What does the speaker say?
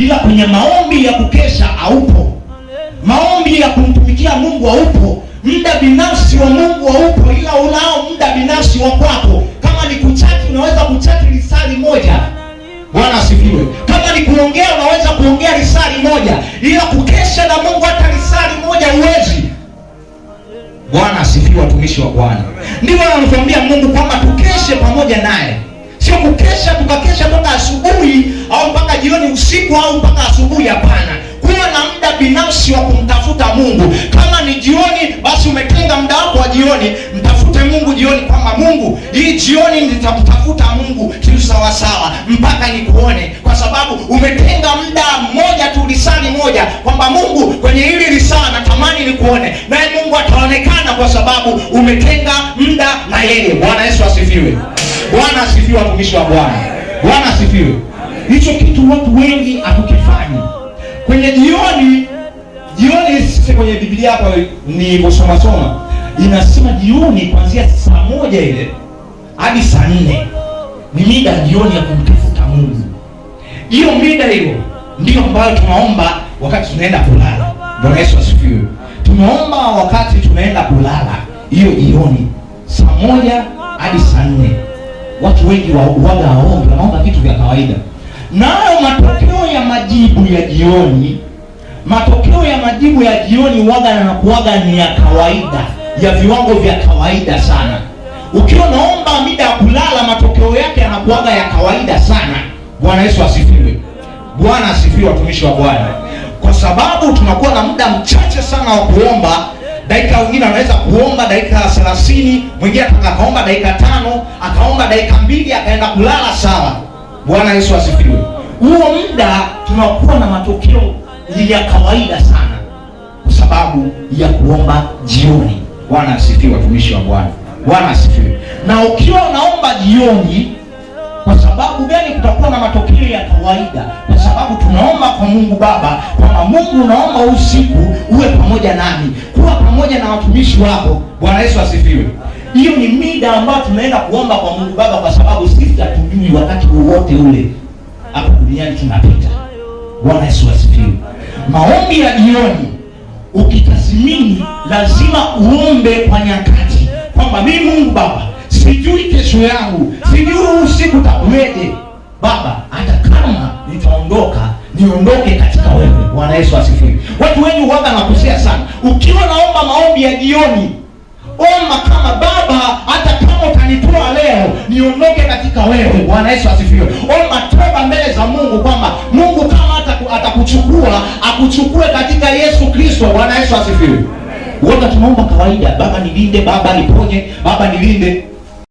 ila kwenye maombi ya kukesha haupo, maombi ya kumtumikia Mungu haupo, muda binafsi wa Mungu haupo, ila unao muda binafsi wa kwako. Kama ni kuchati, unaweza kuchati lisali moja. Bwana asifiwe. Kama ni kuongea, unaweza kuongea lisali moja, ila kukesha na Mungu hata lisali moja huwezi. Bwana asifiwe, watumishi wa Bwana. Ndivyo anamwambia Mungu kwamba tukeshe pamoja naye sio kukesha tukakesha toka asubuhi au mpaka jioni, usiku au mpaka asubuhi. Hapana, kuwa na muda binafsi wa kumtafuta Mungu. Kama ni jioni, basi umetenga muda wako wa jioni, mtafute Mungu jioni, kwamba Mungu, hii jioni nitamtafuta Mungu kiusawasawa mpaka nikuone, kwa sababu umetenga muda mmoja tu, lisani moja, kwamba Mungu, kwenye hili lisaa natamani nikuone, naye Mungu ataonekana, kwa sababu umetenga muda na yeye. Bwana Yesu asifiwe asifiwe, watumishi wa Bwana. Bwana asifiwe. Hicho kitu watu wengi hatukifanyi kwenye jioni. Jioni sisi kwenye Biblia hapa kusoma soma inasema jioni kuanzia saa moja ile hadi saa nne ni mida jioni ya kumtafuta Mungu. Hiyo mida hiyo ndiyo ambayo tunaomba wakati tunaenda kulala. Bwana Yesu asifiwe. Tunaomba wakati tunaenda kulala, hiyo jioni saa moja hadi saa nne watu wengi waga hawaombi, wanaomba vitu vya kawaida. Nayo matokeo ya majibu ya jioni, matokeo ya majibu ya jioni waga na kuwaga ni ya kawaida, ya viwango vya kawaida sana. Ukiwa naomba mida ya kulala, matokeo yake yanakuwaga ya kawaida sana. Bwana Yesu asifiwe. Bwana asifiwe, watumishi wa Bwana, kwa sababu tunakuwa na muda mchache sana wa kuomba dakika wengine anaweza kuomba dakika 30, mwingine akaomba dakika tano, akaomba dakika mbili, akaenda kulala sawa. Bwana Yesu asifiwe. Huo muda tunakuwa na matokeo ya kawaida sana kwa sababu ya kuomba jioni. Bwana asifiwe, watumishi wa Bwana. Bwana asifiwe. Na ukiwa unaomba jioni, kwa sababu gani? Kutakuwa na matokeo ya kawaida sababu tunaomba kwa Mungu Baba kwamba Mungu, unaomba usiku uwe pamoja nami, kuwa pamoja na watumishi wako. Bwana Yesu asifiwe. Hiyo ni mida ambayo tunaenda kuomba kwa Mungu Baba, kwa sababu sisi hatujui wakati wowote ule hapa duniani tunapita. Bwana Yesu asifiwe. Maombi ya jioni ukitathmini, lazima uombe kwa nyakati, kwamba mimi Mungu Baba sijui kesho yangu, sijui usiku takuweje Baba, hata kama nitaondoka niondoke katika wewe. Bwana Yesu asifiwe. Watu wengi waga nakusia sana. Ukiwa naomba maombi ya jioni, omba kama Baba, hata kama utanitoa leo, niondoke katika wewe. Bwana Yesu asifiwe. Omba toba mbele za Mungu kwamba Mungu kama atakuchukua akuchukue katika Yesu Kristo. Bwana Yesu asifiwe. Wote tunaomba kawaida, Baba nilinde, Baba niponye, Baba nilinde